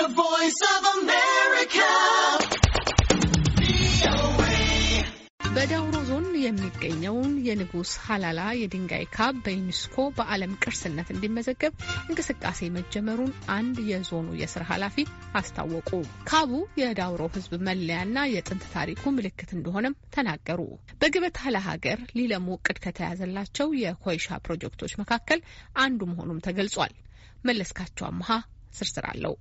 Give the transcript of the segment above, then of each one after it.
The Voice of America. በዳውሮ ዞን የሚገኘውን የንጉስ ሀላላ የድንጋይ ካብ በዩኒስኮ በዓለም ቅርስነት እንዲመዘገብ እንቅስቃሴ መጀመሩን አንድ የዞኑ የስራ ኃላፊ አስታወቁ። ካቡ የዳውሮ ሕዝብ መለያና የጥንት ታሪኩ ምልክት እንደሆነም ተናገሩ። በግበት ሀላ ሀገር ሊለሙ እቅድ ከተያዘላቸው የኮይሻ ፕሮጀክቶች መካከል አንዱ መሆኑም ተገልጿል። መለስካቸው አመሀ ስርስር አለው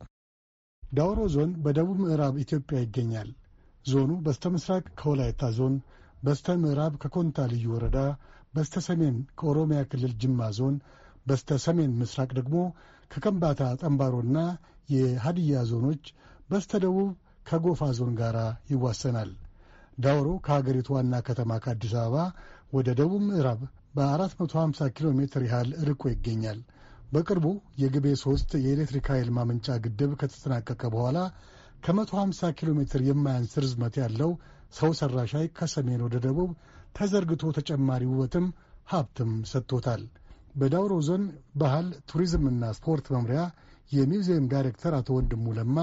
ዳውሮ ዞን በደቡብ ምዕራብ ኢትዮጵያ ይገኛል። ዞኑ በስተ ምስራቅ ከወላይታ ዞን፣ በስተ ምዕራብ ከኮንታ ልዩ ወረዳ፣ በስተ ሰሜን ከኦሮሚያ ክልል ጅማ ዞን፣ በስተ ሰሜን ምስራቅ ደግሞ ከከምባታ ጠምባሮና የሀዲያ ዞኖች፣ በስተ ደቡብ ከጎፋ ዞን ጋር ይዋሰናል። ዳውሮ ከሀገሪቱ ዋና ከተማ ከአዲስ አበባ ወደ ደቡብ ምዕራብ በ450 ኪሎ ሜትር ያህል ርቆ ይገኛል። በቅርቡ የግቤ ሶስት የኤሌክትሪክ ኃይል ማመንጫ ግድብ ከተጠናቀቀ በኋላ ከ150 ኪሎ ሜትር የማያንስ ርዝመት ያለው ሰው ሰራሽ ሐይቅ ከሰሜን ወደ ደቡብ ተዘርግቶ ተጨማሪ ውበትም ሀብትም ሰጥቶታል። በዳውሮ ዞን ባህል ቱሪዝምና ስፖርት መምሪያ የሚውዚየም ዳይሬክተር አቶ ወንድሙ ለማ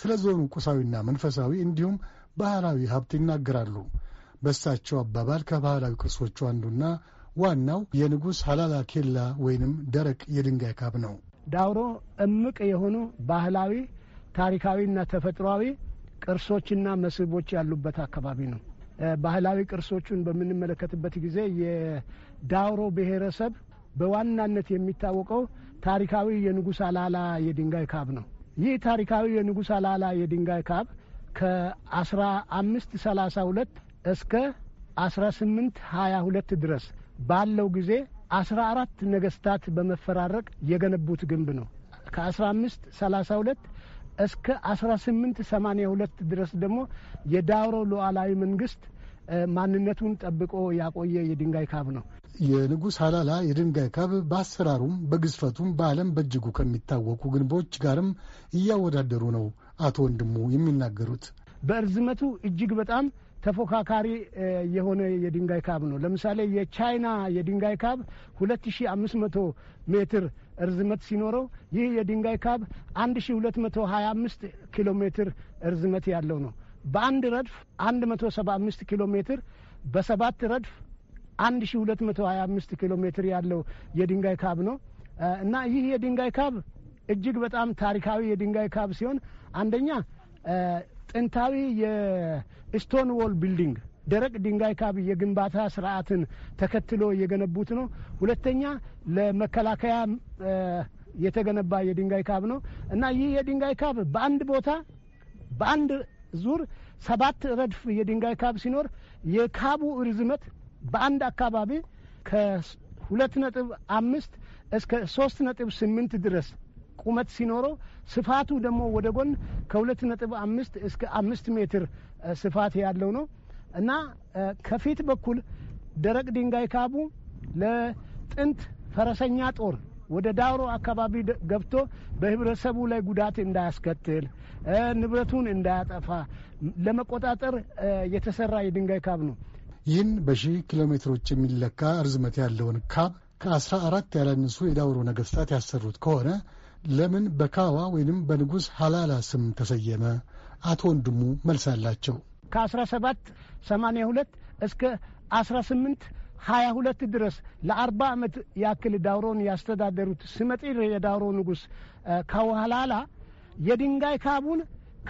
ስለ ዞኑ ቁሳዊና መንፈሳዊ እንዲሁም ባህላዊ ሀብት ይናገራሉ። በእሳቸው አባባል ከባህላዊ ቅርሶቹ አንዱና ዋናው የንጉሥ ሐላላ ኬላ ወይንም ደረቅ የድንጋይ ካብ ነው። ዳውሮ እምቅ የሆኑ ባህላዊ ታሪካዊና ተፈጥሯዊ ቅርሶችና መስህቦች ያሉበት አካባቢ ነው። ባህላዊ ቅርሶቹን በምንመለከትበት ጊዜ የዳውሮ ብሔረሰብ በዋናነት የሚታወቀው ታሪካዊ የንጉሥ አላላ የድንጋይ ካብ ነው። ይህ ታሪካዊ የንጉሥ አላላ የድንጋይ ካብ ከ1532 እስከ 1822 ድረስ ባለው ጊዜ አስራ አራት ነገስታት በመፈራረቅ የገነቡት ግንብ ነው። ከአስራ አምስት ሰላሳ ሁለት እስከ አስራ ስምንት ሰማኒያ ሁለት ድረስ ደግሞ የዳውሮ ሉዓላዊ መንግስት ማንነቱን ጠብቆ ያቆየ የድንጋይ ካብ ነው። የንጉሥ ሀላላ የድንጋይ ካብ በአሰራሩም በግዝፈቱም በዓለም በእጅጉ ከሚታወቁ ግንቦች ጋርም እያወዳደሩ ነው አቶ ወንድሙ የሚናገሩት። በእርዝመቱ እጅግ በጣም ተፎካካሪ የሆነ የድንጋይ ካብ ነው። ለምሳሌ የቻይና የድንጋይ ካብ ሁለት ሺ አምስት መቶ ሜትር እርዝመት ሲኖረው ይህ የድንጋይ ካብ አንድ ሺ ሁለት መቶ ሀያ አምስት ኪሎ ሜትር እርዝመት ያለው ነው። በአንድ ረድፍ አንድ መቶ ሰባ አምስት ኪሎ ሜትር በሰባት ረድፍ አንድ ሺ ሁለት መቶ ሀያ አምስት ኪሎ ሜትር ያለው የድንጋይ ካብ ነው እና ይህ የድንጋይ ካብ እጅግ በጣም ታሪካዊ የድንጋይ ካብ ሲሆን አንደኛ ጥንታዊ የስቶን ዎል ቢልዲንግ ደረቅ ድንጋይ ካብ የግንባታ ስርዓትን ተከትሎ የገነቡት ነው። ሁለተኛ ለመከላከያ የተገነባ የድንጋይ ካብ ነው እና ይህ የድንጋይ ካብ በአንድ ቦታ በአንድ ዙር ሰባት ረድፍ የድንጋይ ካብ ሲኖር የካቡ ርዝመት በአንድ አካባቢ ከሁለት ነጥብ አምስት እስከ ሶስት ነጥብ ስምንት ድረስ ቁመት ሲኖረው ስፋቱ ደግሞ ወደ ጎን ከሁለት ነጥብ አምስት እስከ አምስት ሜትር ስፋት ያለው ነው እና ከፊት በኩል ደረቅ ድንጋይ ካቡ ለጥንት ፈረሰኛ ጦር ወደ ዳውሮ አካባቢ ገብቶ በህብረተሰቡ ላይ ጉዳት እንዳያስከትል ንብረቱን እንዳያጠፋ ለመቆጣጠር የተሰራ የድንጋይ ካብ ነው። ይህን በሺህ ኪሎ ሜትሮች የሚለካ ርዝመት ያለውን ካብ ከአስራ አራት ያላነሱ የዳውሮ ነገስታት ያሰሩት ከሆነ ለምን በካዋ ወይም በንጉሥ ሀላላ ስም ተሰየመ? አቶ ወንድሙ መልስ አላቸው። ከ17 82 እስከ 18 ሀያ ሁለት ድረስ ለአርባ ዓመት ያክል ዳውሮን ያስተዳደሩት ስመጢር የዳውሮ ንጉሥ ካውሃላላ የድንጋይ ካቡን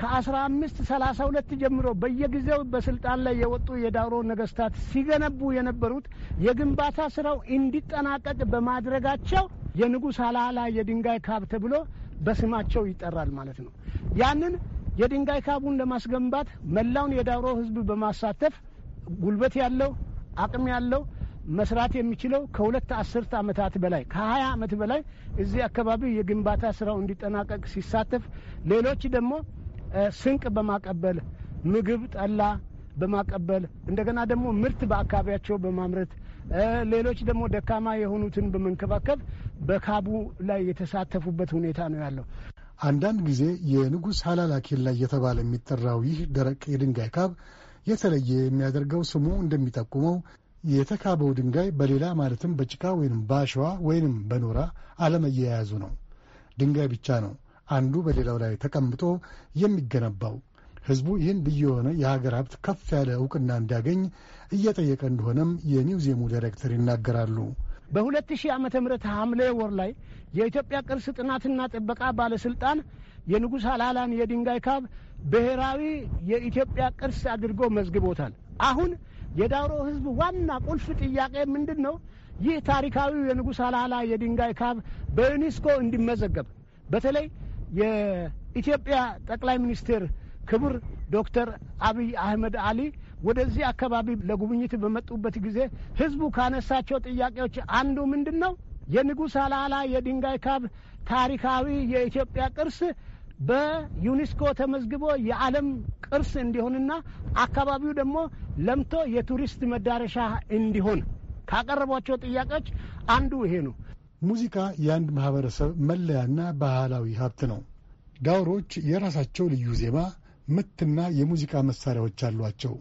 ከአስራ አምስት ሰላሳ ሁለት ጀምሮ በየጊዜው በስልጣን ላይ የወጡ የዳውሮ ነገስታት ሲገነቡ የነበሩት የግንባታ ስራው እንዲጠናቀቅ በማድረጋቸው የንጉሥ አላላ የድንጋይ ካብ ተብሎ በስማቸው ይጠራል ማለት ነው። ያንን የድንጋይ ካቡን ለማስገንባት መላውን የዳውሮ ሕዝብ በማሳተፍ ጉልበት ያለው አቅም ያለው መስራት የሚችለው ከሁለት አስርት ዓመታት በላይ ከሀያ ዓመት በላይ እዚህ አካባቢ የግንባታ ስራው እንዲጠናቀቅ ሲሳተፍ፣ ሌሎች ደግሞ ስንቅ በማቀበል ምግብ፣ ጠላ በማቀበል እንደገና ደግሞ ምርት በአካባቢያቸው በማምረት ሌሎች ደግሞ ደካማ የሆኑትን በመንከባከብ በካቡ ላይ የተሳተፉበት ሁኔታ ነው ያለው። አንዳንድ ጊዜ የንጉሥ ሀላላ ኬላ እየተባለ የሚጠራው ይህ ደረቅ የድንጋይ ካብ የተለየ የሚያደርገው ስሙ እንደሚጠቁመው የተካበው ድንጋይ በሌላ ማለትም በጭቃ ወይንም በአሸዋ ወይንም በኖራ አለመያያዙ ነው። ድንጋይ ብቻ ነው አንዱ በሌላው ላይ ተቀምጦ የሚገነባው። ህዝቡ ይህን ልዩ የሆነ የሀገር ሀብት ከፍ ያለ እውቅና እንዲያገኝ እየጠየቀ እንደሆነም የሚውዚየሙ ዳይሬክተር ይናገራሉ። በ2000 ዓ ም ሐምሌ ወር ላይ የኢትዮጵያ ቅርስ ጥናትና ጥበቃ ባለስልጣን የንጉሥ አላላን የድንጋይ ካብ ብሔራዊ የኢትዮጵያ ቅርስ አድርጎ መዝግቦታል። አሁን የዳውሮ ህዝብ ዋና ቁልፍ ጥያቄ ምንድን ነው? ይህ ታሪካዊው የንጉሥ አልዓላ የድንጋይ ካብ በዩኔስኮ እንዲመዘገብ በተለይ የኢትዮጵያ ጠቅላይ ሚኒስትር ክቡር ዶክተር አብይ አህመድ አሊ ወደዚህ አካባቢ ለጉብኝት በመጡበት ጊዜ ህዝቡ ካነሳቸው ጥያቄዎች አንዱ ምንድን ነው? የንጉሥ አላላ የድንጋይ ካብ ታሪካዊ የኢትዮጵያ ቅርስ በዩኒስኮ ተመዝግቦ የዓለም ቅርስ እንዲሆንና አካባቢው ደግሞ ለምቶ የቱሪስት መዳረሻ እንዲሆን ካቀረቧቸው ጥያቄዎች አንዱ ይሄ ነው። ሙዚቃ የአንድ ማህበረሰብ መለያና ባህላዊ ሀብት ነው። ዳውሮች የራሳቸው ልዩ ዜማ ምትና የሙዚቃ መሳሪያዎች አሏቸው።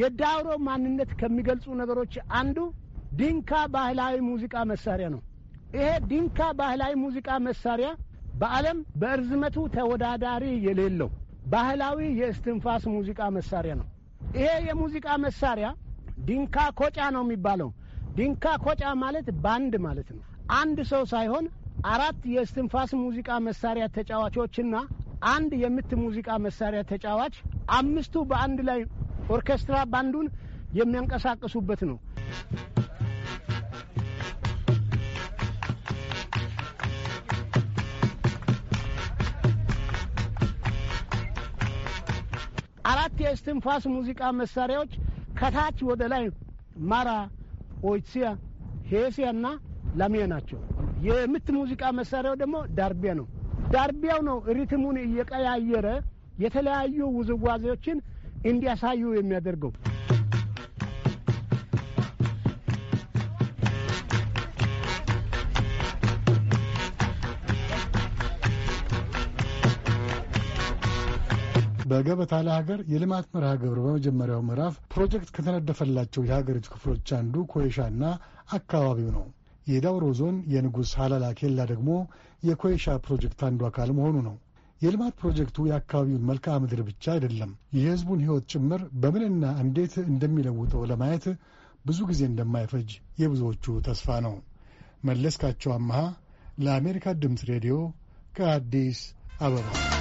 የዳውሮ ማንነት ከሚገልጹ ነገሮች አንዱ ዲንካ ባህላዊ ሙዚቃ መሳሪያ ነው። ይሄ ዲንካ ባህላዊ ሙዚቃ መሳሪያ በዓለም በእርዝመቱ ተወዳዳሪ የሌለው ባህላዊ የእስትንፋስ ሙዚቃ መሳሪያ ነው። ይሄ የሙዚቃ መሳሪያ ዲንካ ኮጫ ነው የሚባለው። ዲንካ ኮጫ ማለት ባንድ ማለት ነው። አንድ ሰው ሳይሆን አራት የእስትንፋስ ሙዚቃ መሳሪያ ተጫዋቾችና አንድ የምት ሙዚቃ መሳሪያ ተጫዋች አምስቱ በአንድ ላይ ኦርኬስትራ ባንዱን የሚያንቀሳቅሱበት ነው። አራት የእስትንፋስ ሙዚቃ መሳሪያዎች ከታች ወደ ላይ ማራ፣ ኦይሲያ፣ ሄሲያ እና ላሚያ ናቸው። የምት ሙዚቃ መሳሪያው ደግሞ ዳርቢያ ነው። ዳርቢያው ነው ሪትሙን እየቀያየረ የተለያዩ ውዝዋዜዎችን እንዲያሳዩ የሚያደርገው። በገበታ ለሀገር የልማት መርሃ ግብር በመጀመሪያው ምዕራፍ ፕሮጀክት ከተነደፈላቸው የሀገሪቱ ክፍሎች አንዱ ኮይሻና አካባቢው ነው። የዳውሮ ዞን የንጉሥ ሀላላ ኬላ ደግሞ የኮይሻ ፕሮጀክት አንዱ አካል መሆኑ ነው። የልማት ፕሮጀክቱ የአካባቢውን መልክዓ ምድር ብቻ አይደለም፣ የሕዝቡን ሕይወት ጭምር በምንና እንዴት እንደሚለውጠው ለማየት ብዙ ጊዜ እንደማይፈጅ የብዙዎቹ ተስፋ ነው። መለስካቸው አመሃ ለአሜሪካ ድምፅ ሬዲዮ ከአዲስ አበባ